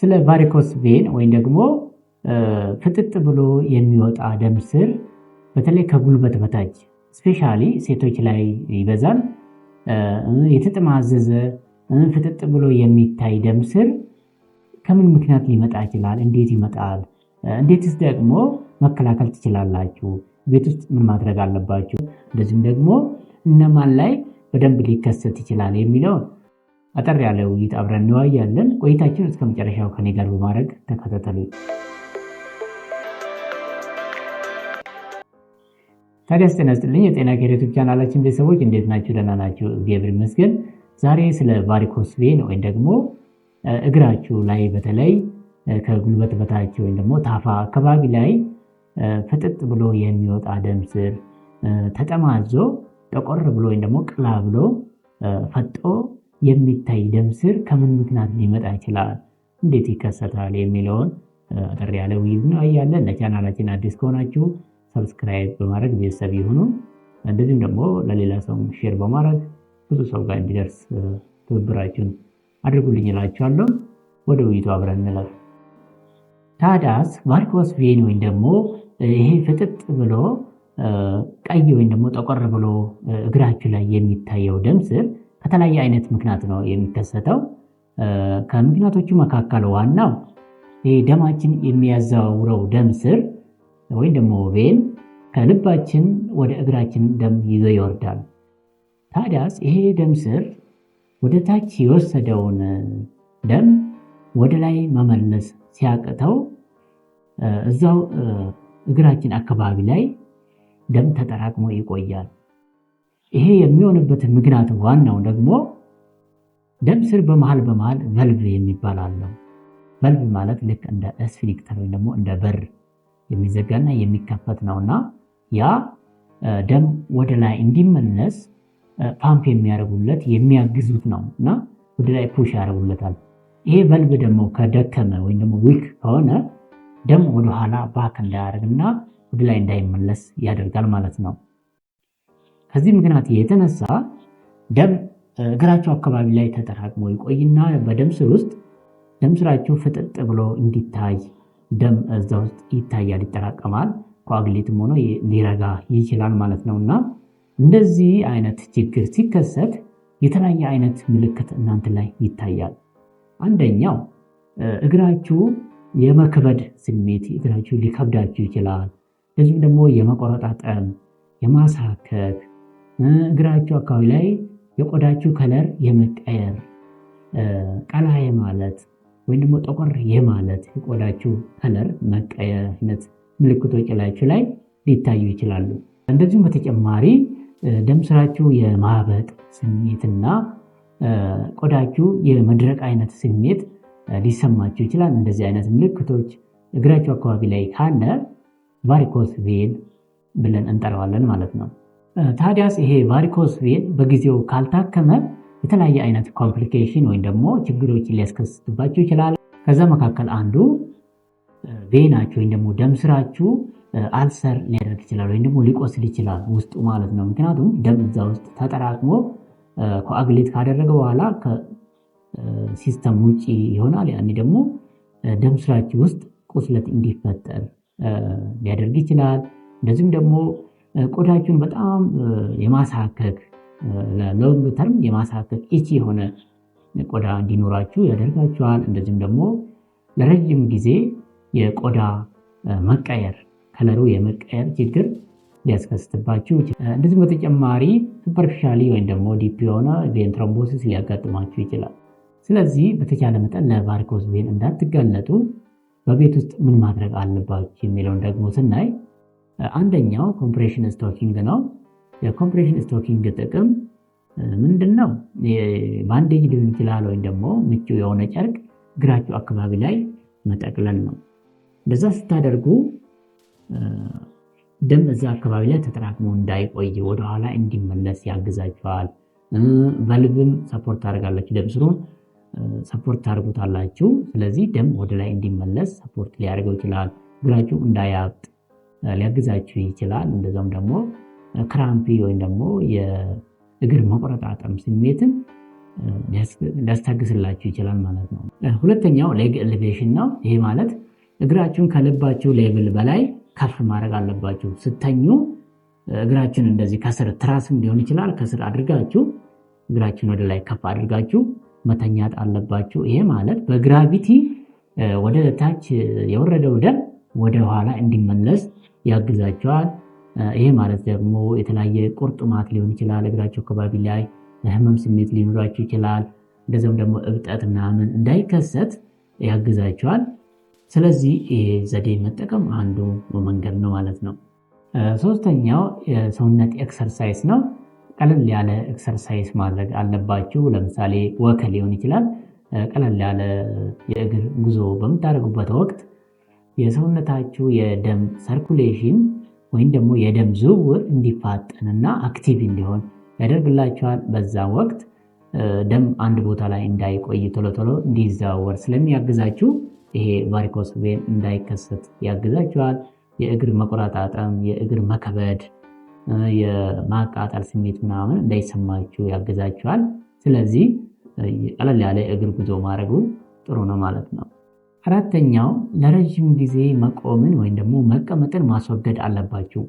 ስለ ቫሪኮስ ቬን ወይም ደግሞ ፍጥጥ ብሎ የሚወጣ ደም ስር በተለይ ከጉልበት በታች ስፔሻሊ ሴቶች ላይ ይበዛል። የተጠማዘዘ ፍጥጥ ብሎ የሚታይ ደም ስር ከምን ምክንያት ሊመጣ ይችላል? እንዴት ይመጣል? እንዴትስ ደግሞ መከላከል ትችላላችሁ? ቤት ውስጥ ምን ማድረግ አለባችሁ? እንደዚሁም ደግሞ እነማን ላይ በደንብ ሊከሰት ይችላል የሚለውን አጠር ያለ ውይይት አብረን እንወያያለን። ቆይታችን እስከ መጨረሻው ከኔ ጋር በማድረግ ተከታተሉ። ታዲያ ጤና የጤና ኬሬቶች ቻናላችን ቤተሰቦች እንዴት ናቸው? ደህና ናቸው፣ እግዚአብሔር ይመስገን። ዛሬ ስለ ቫሪኮስ ቬን ወይም ደግሞ እግራችሁ ላይ በተለይ ከጉልበት በታች ወይም ደግሞ ታፋ አካባቢ ላይ ፍጥጥ ብሎ የሚወጣ ደም ስር ተጠማዞ ጠቆር ብሎ ወይም ደግሞ ቅላ ብሎ ፈጦ የሚታይ ደም ስር ከምን ምክንያት ሊመጣ ይችላል፣ እንዴት ይከሰታል የሚለውን አጠር ያለ ውይይት ነው እያለን። ለቻናላችን አዲስ ከሆናችሁ ሰብስክራይብ በማድረግ ቤተሰብ ይሁኑ። እንደዚሁም ደግሞ ለሌላ ሰው ሼር በማድረግ ብዙ ሰው ጋር እንዲደርስ ትብብራችሁን አድርጉልኝ እላችኋለሁ። ወደ ውይይቱ አብረን እንለፍ። ታዳስ ቫሪኮስ ቬን ወይም ደግሞ ይሄ ፍጥጥ ብሎ ቀይ ወይም ደግሞ ጠቆር ብሎ እግራችሁ ላይ የሚታየው ደም ስር ከተለያየ አይነት ምክንያት ነው የሚከሰተው። ከምክንያቶቹ መካከል ዋናው ደማችን የሚያዘዋውረው ደም ስር ወይም ደግሞ ቬን ከልባችን ወደ እግራችን ደም ይዞ ይወርዳል። ታዲያስ ይሄ ደም ስር ወደ ታች የወሰደውን ደም ወደ ላይ መመለስ ሲያቅተው እዛው እግራችን አካባቢ ላይ ደም ተጠራቅሞ ይቆያል። ይሄ የሚሆንበት ምክንያት ዋናው ደግሞ ደም ስር በመሃል በመሃል ቨልቭ የሚባል አለው። ቨልቭ ማለት ልክ እንደ ስፊንክተር ወይም ደግሞ እንደ በር የሚዘጋና የሚከፈት ነውና ያ ደም ወደ ላይ እንዲመለስ ፓምፕ የሚያደርጉለት የሚያግዙት ነው እና ወደ ላይ ፑሽ ያደርጉለታል። ይሄ ቨልቭ ደግሞ ከደከመ ወይም ደግሞ ዊክ ከሆነ ደም ወደኋላ ባክ እንዳያደርግና ወደ ላይ እንዳይመለስ ያደርጋል ማለት ነው። ከዚህ ምክንያት የተነሳ ደም እግራቸው አካባቢ ላይ ተጠራቅሞ ይቆይና በደም ስር ውስጥ ደም ስራቸው ፍጥጥ ብሎ እንዲታይ ደም እዛ ውስጥ ይታያል፣ ይጠራቀማል። ኮአግሌትም ሆኖ ሊረጋ ይችላል ማለት ነው። እና እንደዚህ አይነት ችግር ሲከሰት የተለያየ አይነት ምልክት እናንተ ላይ ይታያል። አንደኛው እግራችሁ የመክበድ ስሜት፣ እግራችሁ ሊከብዳችሁ ይችላል። እዚሁም ደግሞ የመቆረጣጠም፣ የማሳከክ እግራችሁ አካባቢ ላይ የቆዳችሁ ከለር የመቀየር ቀላ የማለት ወይም ደግሞ ጠቆር የማለት የቆዳችሁ ከለር መቀየር አይነት ምልክቶች ላያችሁ ላይ ሊታዩ ይችላሉ። እንደዚሁም በተጨማሪ ደም ስራችሁ የማበጥ ስሜትና ቆዳችሁ የመድረቅ አይነት ስሜት ሊሰማችሁ ይችላል። እንደዚህ አይነት ምልክቶች እግራችሁ አካባቢ ላይ ካለ ቫሪኮስ ቬን ብለን እንጠራዋለን ማለት ነው። ታዲያስ ይሄ ቫሪኮስ ቬን በጊዜው ካልታከመ የተለያየ አይነት ኮምፕሊኬሽን ወይም ደግሞ ችግሮችን ሊያስከስትባቸው ይችላል። ከዛ መካከል አንዱ ቬናችሁ ወይም ደግሞ ደም ስራችሁ አልሰር ሊያደርግ ይችላል፣ ወይም ደግሞ ሊቆስል ይችላል ውስጡ ማለት ነው። ምክንያቱም ደም እዛ ውስጥ ተጠራቅሞ ኮአግሌት ካደረገ በኋላ ከሲስተም ውጭ ይሆናል። ያኔ ደግሞ ደም ስራችሁ ውስጥ ቁስለት እንዲፈጠር ሊያደርግ ይችላል። እንደዚሁም ደግሞ ቆዳችሁን በጣም የማሳከክ ለሎንግ ተርም የማሳከክ ኢቺ የሆነ ቆዳ እንዲኖራችሁ ያደርጋችኋል። እንደዚሁም ደግሞ ለረጅም ጊዜ የቆዳ መቀየር ከለሩ የመቀየር ችግር ሊያስከስትባችሁ እንደዚሁም በተጨማሪ ሱፐርፊሻሊ ወይም ደግሞ ዲፕ የሆነ ቬን ትሮምቦሲስ ሊያጋጥማችሁ ይችላል። ስለዚህ በተቻለ መጠን ለቫሪኮስ ቬን እንዳትጋለጡ በቤት ውስጥ ምን ማድረግ አለባችሁ የሚለውን ደግሞ ስናይ አንደኛው ኮምፕሬሽን ስቶኪንግ ነው። የኮምፕሬሽን ስቶኪንግ ጥቅም ምንድን ነው? ባንዴጅ ሊሆን ይችላል ወይም ደግሞ ምቹ የሆነ ጨርቅ እግራችሁ አካባቢ ላይ መጠቅለል ነው። እንደዛ ስታደርጉ ደም እዛ አካባቢ ላይ ተጠራቅሞ እንዳይቆይ ወደኋላ እንዲመለስ ያግዛችኋል። በልብም ሰፖርት ታደርጋላችሁ። ደም ስሩን ሰፖርት ታደርጉታላችሁ። ስለዚህ ደም ወደ ላይ እንዲመለስ ሰፖርት ሊያደርገው ይችላል። እግራችሁ እንዳያብጥ ሊያግዛችሁ ይችላል። እንደዚም ደግሞ ክራምፒ ወይም ደግሞ የእግር መቆረጣጠም ስሜትን ሊያስታግስላችሁ ይችላል ማለት ነው። ሁለተኛው ሌግ ኤሌቬሽን ነው። ይሄ ማለት እግራችሁን ከልባችሁ ሌብል በላይ ከፍ ማድረግ አለባችሁ። ስተኙ እግራችን እንደዚህ ከስር ትራስም ሊሆን ይችላል ከስር አድርጋችሁ እግራችን ወደ ላይ ከፍ አድርጋችሁ መተኛት አለባችሁ። ይሄ ማለት በግራቪቲ ወደ ታች የወረደው ደም ወደ ኋላ እንዲመለስ ያግዛቸዋል። ይሄ ማለት ደግሞ የተለያየ ቁርጥማት ሊሆን ይችላል። እግራቸው አካባቢ ላይ ህመም ስሜት ሊኖራቸው ይችላል። እንደዚሁም ደግሞ እብጠት ምናምን እንዳይከሰት ያግዛቸዋል። ስለዚህ ይሄ ዘዴ መጠቀም አንዱ መንገድ ነው ማለት ነው። ሶስተኛው የሰውነት ኤክሰርሳይዝ ነው። ቀለል ያለ ኤክሰርሳይዝ ማድረግ አለባችሁ። ለምሳሌ ወክ ሊሆን ይችላል። ቀለል ያለ የእግር ጉዞ በምታደርጉበት ወቅት የሰውነታችሁ የደም ሰርኩሌሽን ወይም ደግሞ የደም ዝውውር እንዲፋጠንና አክቲቭ እንዲሆን ያደርግላቸዋል። በዛ ወቅት ደም አንድ ቦታ ላይ እንዳይቆይ ቶሎ ቶሎ እንዲዘዋወር ስለሚያግዛችሁ ይሄ ቫሪኮስ ቬን እንዳይከሰት ያግዛችኋል። የእግር መቆራጣጠም፣ የእግር መከበድ፣ የማቃጠል ስሜት ምናምን እንዳይሰማችሁ ያግዛችኋል። ስለዚህ ቀለል ያለ እግር ጉዞ ማድረጉ ጥሩ ነው ማለት ነው። አራተኛው ለረዥም ጊዜ መቆምን ወይም ደግሞ መቀመጥን ማስወገድ አለባችሁ።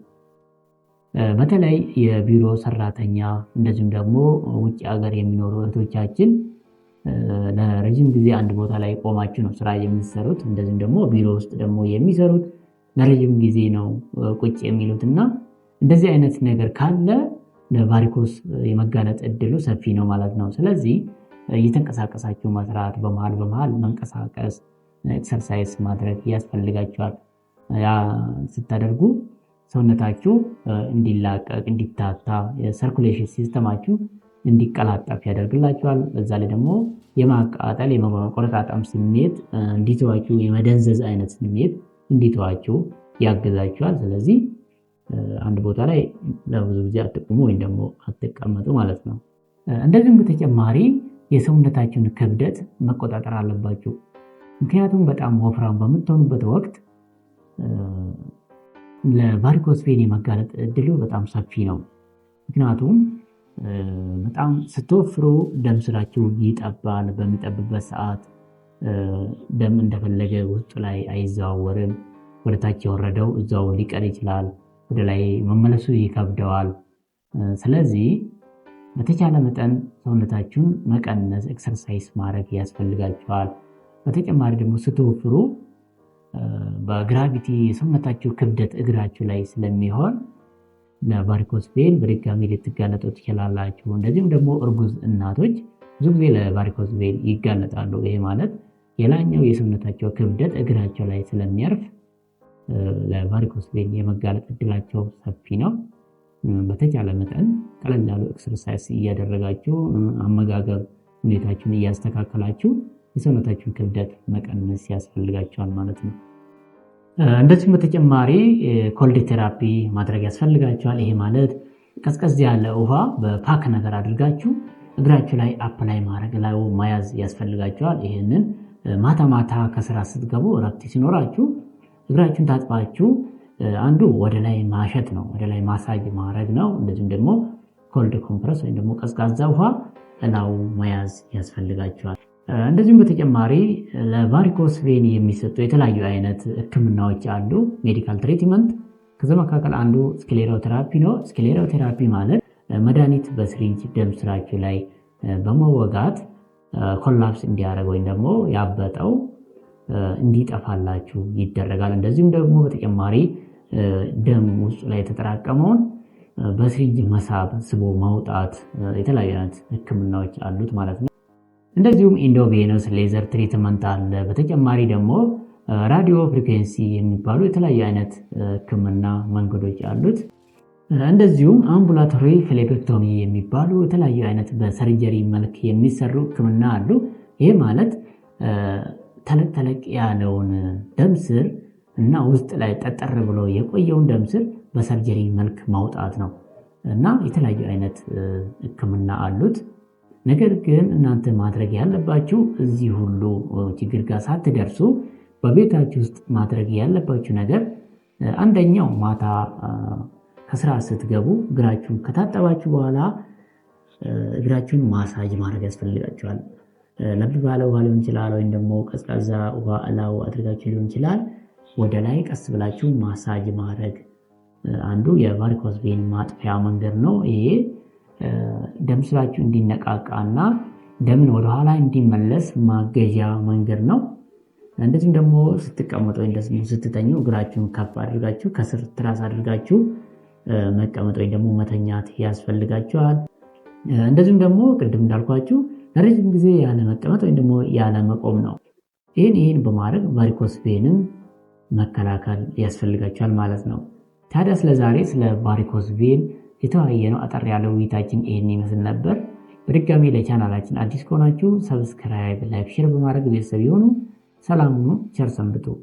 በተለይ የቢሮ ሰራተኛ እንደዚሁም ደግሞ ውጭ ሀገር የሚኖሩ እህቶቻችን ለረዥም ጊዜ አንድ ቦታ ላይ ቆማችሁ ነው ስራ የሚሰሩት። እንደዚሁም ደግሞ ቢሮ ውስጥ ደግሞ የሚሰሩት ለረዥም ጊዜ ነው ቁጭ የሚሉት እና እንደዚህ አይነት ነገር ካለ ለቫሪኮስ የመጋለጥ እድሉ ሰፊ ነው ማለት ነው። ስለዚህ እየተንቀሳቀሳችሁ መስራት፣ በመሃል በመሃል መንቀሳቀስ ኤክሰርሳይዝ ማድረግ ያስፈልጋቸዋል። ስታደርጉ ሰውነታችሁ እንዲላቀቅ፣ እንዲታታ የሰርኩሌሽን ሲስተማችሁ እንዲቀላጠፍ ያደርግላቸዋል። በዛ ላይ ደግሞ የማቃጠል የመቆረጣጠም ስሜት እንዲተዋችሁ፣ የመደንዘዝ አይነት ስሜት እንዲተዋችሁ ያግዛችኋል። ስለዚህ አንድ ቦታ ላይ ለብዙ ጊዜ አትቁሙ ወይም ደግሞ አትቀመጡ ማለት ነው። እንደዚሁም በተጨማሪ የሰውነታችሁን ክብደት መቆጣጠር አለባችሁ። ምክንያቱም በጣም ወፍራም በምትሆኑበት ወቅት ለቫሪኮስ ቬን የመጋለጥ እድሉ በጣም ሰፊ ነው። ምክንያቱም በጣም ስትወፍሩ ደም ስራችሁ ይጠባል። በሚጠብበት ሰዓት ደም እንደፈለገ ውስጡ ላይ አይዘዋወርም። ወደታች የወረደው እዛው ሊቀር ይችላል። ወደ ላይ መመለሱ ይከብደዋል። ስለዚህ በተቻለ መጠን ሰውነታችሁን መቀነስ፣ ኤክሰርሳይዝ ማድረግ ያስፈልጋቸዋል። በተጨማሪ ደግሞ ስትወፍሩ በግራቪቲ የሰውነታችሁ ክብደት እግራችሁ ላይ ስለሚሆን ለቫሪኮስ ቬን በድጋሚ ልትጋለጡ ትችላላችሁ። እንደዚሁም ደግሞ እርጉዝ እናቶች ብዙ ጊዜ ለቫሪኮስ ቬን ይጋለጣሉ። ይሄ ማለት የላኛው የሰውነታቸው ክብደት እግራቸው ላይ ስለሚያርፍ ለቫሪኮስ ቬን የመጋለጥ እድላቸው ሰፊ ነው። በተቻለ መጠን ቀለል ያሉ ኤክሰርሳይዝ እያደረጋችሁ አመጋገብ ሁኔታችሁን እያስተካከላችሁ የሰውነታችሁን ክብደት መቀነስ ያስፈልጋቸዋል ማለት ነው። እንደዚሁም በተጨማሪ ኮልድ ቴራፒ ማድረግ ያስፈልጋቸዋል። ይሄ ማለት ቀዝቀዝ ያለ ውሃ በፓክ ነገር አድርጋችሁ እግራችሁ ላይ አፕላይ ማድረግ ላይ መያዝ ያስፈልጋቸዋል። ይህንን ማታ ማታ ከስራ ስትገቡ እረፍት ሲኖራችሁ እግራችሁን ታጥባችሁ አንዱ ወደ ላይ ማሸት ነው፣ ወደ ላይ ማሳጅ ማድረግ ነው። እንደዚሁም ደግሞ ኮልድ ኮምፕረስ ወይም ደግሞ ቀዝቃዛ ውሃ እላው መያዝ ያስፈልጋቸዋል። እንደዚሁም በተጨማሪ ለቫሪኮስ ቬኒ የሚሰጡ የተለያዩ አይነት ህክምናዎች አሉ፣ ሜዲካል ትሪትመንት። ከዚ መካከል አንዱ ስክሌሮቴራፒ ነው። ስክሌሮቴራፒ ማለት መድኃኒት በስሪንጅ ደም ስራችሁ ላይ በመወጋት ኮላፕስ እንዲያደርግ ወይም ደግሞ ያበጠው እንዲጠፋላችሁ ይደረጋል። እንደዚሁም ደግሞ በተጨማሪ ደም ውስጡ ላይ የተጠራቀመውን በስሪንጅ መሳብ፣ ስቦ ማውጣት የተለያዩ አይነት ህክምናዎች አሉት ማለት ነው። እንደዚሁም ኢንዶቬኖስ ሌዘር ትሪትመንት አለ። በተጨማሪ ደግሞ ራዲዮ ፍሪኩዌንሲ የሚባሉ የተለያዩ አይነት ህክምና መንገዶች አሉት። እንደዚሁም አምቡላቶሪ ፍሌቤክቶሚ የሚባሉ የተለያዩ አይነት በሰርጀሪ መልክ የሚሰሩ ህክምና አሉ። ይህ ማለት ተለቅ ተለቅ ያለውን ደም ስር እና ውስጥ ላይ ጠጠር ብሎ የቆየውን ደም ስር በሰርጀሪ መልክ ማውጣት ነው እና የተለያዩ አይነት ህክምና አሉት። ነገር ግን እናንተ ማድረግ ያለባችሁ እዚህ ሁሉ ችግር ጋር ሳትደርሱ በቤታችሁ ውስጥ ማድረግ ያለባችሁ ነገር አንደኛው ማታ ከስራ ስትገቡ እግራችሁን ከታጠባችሁ በኋላ እግራችሁን ማሳጅ ማድረግ ያስፈልጋችኋል። ለብ ባለ ውሃ ሊሆን ይችላል፣ ወይም ደግሞ ቀዝቃዛ ውሃ እላው አድርጋችሁ ሊሆን ይችላል። ወደ ላይ ቀስ ብላችሁ ማሳጅ ማድረግ አንዱ የቫሪኮስ ቬን ማጥፊያ መንገድ ነው ይሄ ደም ስራችሁ እንዲነቃቃ እና ደምን ወደኋላ እንዲመለስ ማገዣ መንገድ ነው። እንደዚሁም ደግሞ ስትቀመጡ ወይም ደግሞ ስትተኙ እግራችሁን ከፍ አድርጋችሁ ከስር ትራስ አድርጋችሁ መቀመጥ ወይም ደግሞ መተኛት ያስፈልጋችኋል። እንደዚሁም ደግሞ ቅድም እንዳልኳችሁ ለረጅም ጊዜ ያለ መቀመጥ ወይም ደግሞ ያለ መቆም ነው። ይህን ይህን በማድረግ ቫሪኮስ ቬንን መከላከል ያስፈልጋችኋል ማለት ነው። ታዲያ ስለዛሬ ስለ ቫሪኮስ ቬን የተወያየ ነው። አጠር ያለው ውይይታችን ይህን ይመስል ነበር። በድጋሚ ለቻናላችን አዲስ ከሆናችሁ ሰብስክራይብ፣ ላይክ፣ ሼር በማድረግ ቤተሰብ የሆኑ ሰላሙኑ ሁኑ። ቸር ሰንብቱ።